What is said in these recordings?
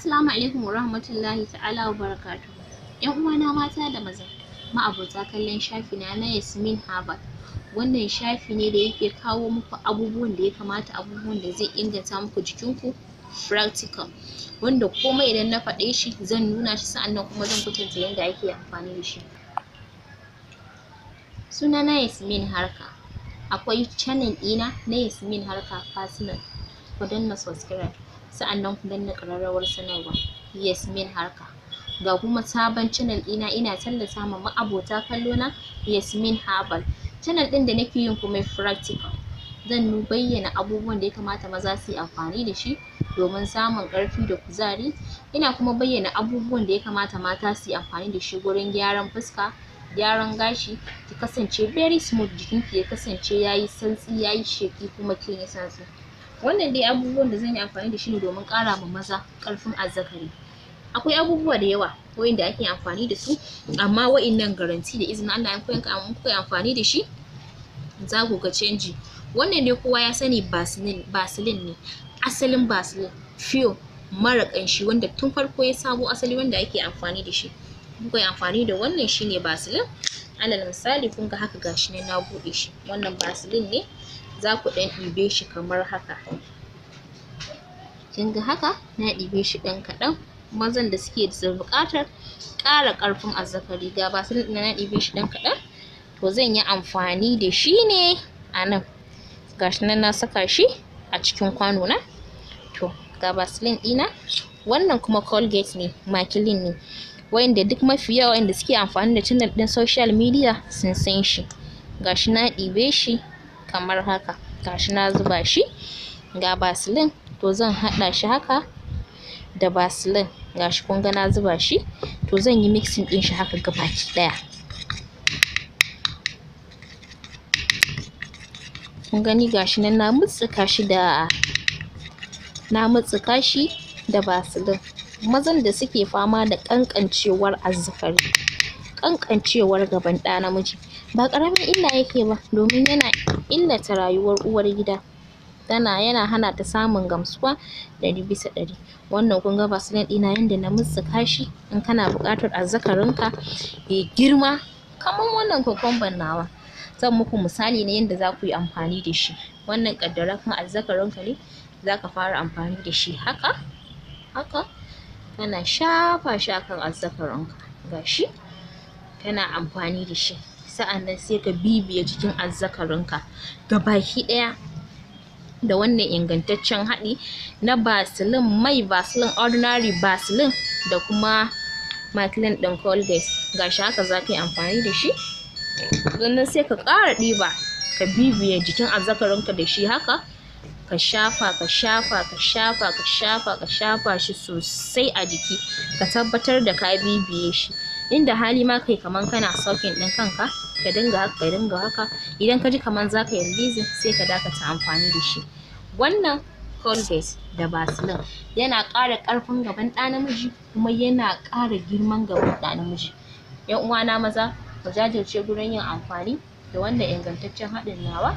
Assalamu alaikum warahmatullahi ta'ala wa barakatuh. Yan uwana mata da maza, ma'abota kallon shafi na na Yasmin Harvard. Wannan shafi ne da yake kawo muku abubuwan da ya kamata abubuwan da zai inganta muku jikinku practical. Wanda komai idan na faɗe shi zan nuna shi sa'annan kuma zan kwatanta yadda ake amfani da shi. Sunana Yasmin Harka. Akwai channel ɗina na Yasmin Harka Personal. Ku danna subscribe. sa'annan ku danna ƙararrawar sanarwa Yasmin Harka ga kuma sabon channel ɗina ina tallata ma ma'abota kallo na Yasmin habal channel ɗin da nake yin kuma practical zan bayyana abubuwan da ya kamata maza su yi amfani da shi domin samun ƙarfi da kuzari ina kuma bayyana abubuwan da ya kamata mata su yi amfani da shi gurin gyaran fuska gyaran gashi ki kasance very smooth jikinki ya kasance ya yi santsi ya yi sheƙi kuma kin yi santsi wannan dai abubuwan da zan yi amfani da shi ne domin ƙara ma maza ƙarfin azzakari akwai abubuwa da yawa da ake amfani da su amma wa'innan garanti da izinin Allah in kuka yi amfani da shi za ku ga canji wannan dai kowa ya sani basilin ne asalin basilin fiyo mara ƙanshi wanda tun farko ya samo asali wanda ake amfani da shi kuka yi amfani da wannan shine basilin alal misali kun ga haka gashi ne na buɗe shi wannan basilin ne za ku ɗan ɗibe shi kamar haka kin ga haka na ɗibe shi ɗan kaɗan mazan da suke da buƙatar ƙara ƙarfin azzakari ga basilin ɗin na ɗibe shi ɗan kaɗan to zan yi amfani da shi ne a nan shi nan na saka shi a cikin kwano na to ga basilin ɗina wannan kuma colgate ne makilin ne wa'inda duk mafi yawa wa'inda suke amfani da channel ɗin social media sun san shi Ga shi na ɗibe shi kamar haka gashi na zuba shi ga basilin to zan haɗa shi haka da basilin gashi kun ga na zuba shi to zan yi mixing ɗin shi haka gabaki ɗaya kun gani gashi nan na mutsuka shi da na mutsuka shi da basilin mazan da suke fama da ƙanƙancewar azzakari ƙanƙancewar gaban ɗa namiji ba ƙaramin illa yake ba domin yana illata rayuwar uwar gida tana yana hana ta samun gamsuwa ɗari bisa ɗari wannan kun ga vaseline ɗina yanda na mutsuka shi in kana buƙatar azzakarinka ya girma kamar wannan cucumber nawa zan muku misali na yanda za ku yi amfani da shi wannan ƙaddara kan azzakarinka ne za ka fara amfani da shi haka haka kana shafa shi akan azzakarinka ga shi kana amfani da shi sa'annan sai ka bibiye cikin azzakarinka gabaki ɗaya da wannan ingantaccen haɗi na basilin mai basilin ordinary basilin da kuma maklin ɗin colgate gashi haka za ka yi amfani da shi sannan sai ka ƙara ɗiba ka bibiye jikin azzakarinka da shi haka ka shafa ka shafa ka shafa ka shafa ka shafa shi sosai a jiki ka tabbatar da ka bibiye shi inda hali ma kai kaman kana sokin ɗin kanka ka dinga haka ka dinga haka idan ka ji kaman za ka yi releasing sai ka dakata amfani da shi wannan colgate da vaseline yana ƙara ƙarfin gaban ɗa namiji kuma yana ƙara girman gaban ɗa namiji ƴan uwana maza ku jajirce gurin yin amfani da wannan ingantaccen haɗin nawa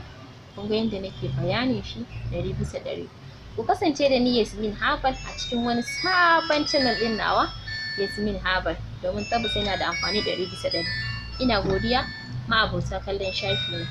kun ga yadda nake bayanin shi ɗari bisa ɗari ku kasance da ni Yasmin Habal a cikin wani sabon channel ɗin nawa Yasmin Herbal domin tabbas yana da amfani ɗari bisa ɗari. Ina godiya ma'abota kallon shafi na.